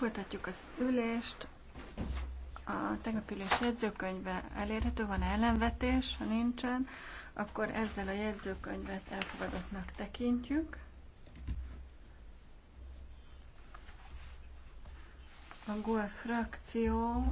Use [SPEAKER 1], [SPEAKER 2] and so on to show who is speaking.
[SPEAKER 1] Folytatjuk az ülést. A tegnapi ülés jegyzőkönyve elérhető, van ellenvetés, ha nincsen, akkor ezzel a jegyzőkönyvet elfogadottnak tekintjük.
[SPEAKER 2] A GOL e frakció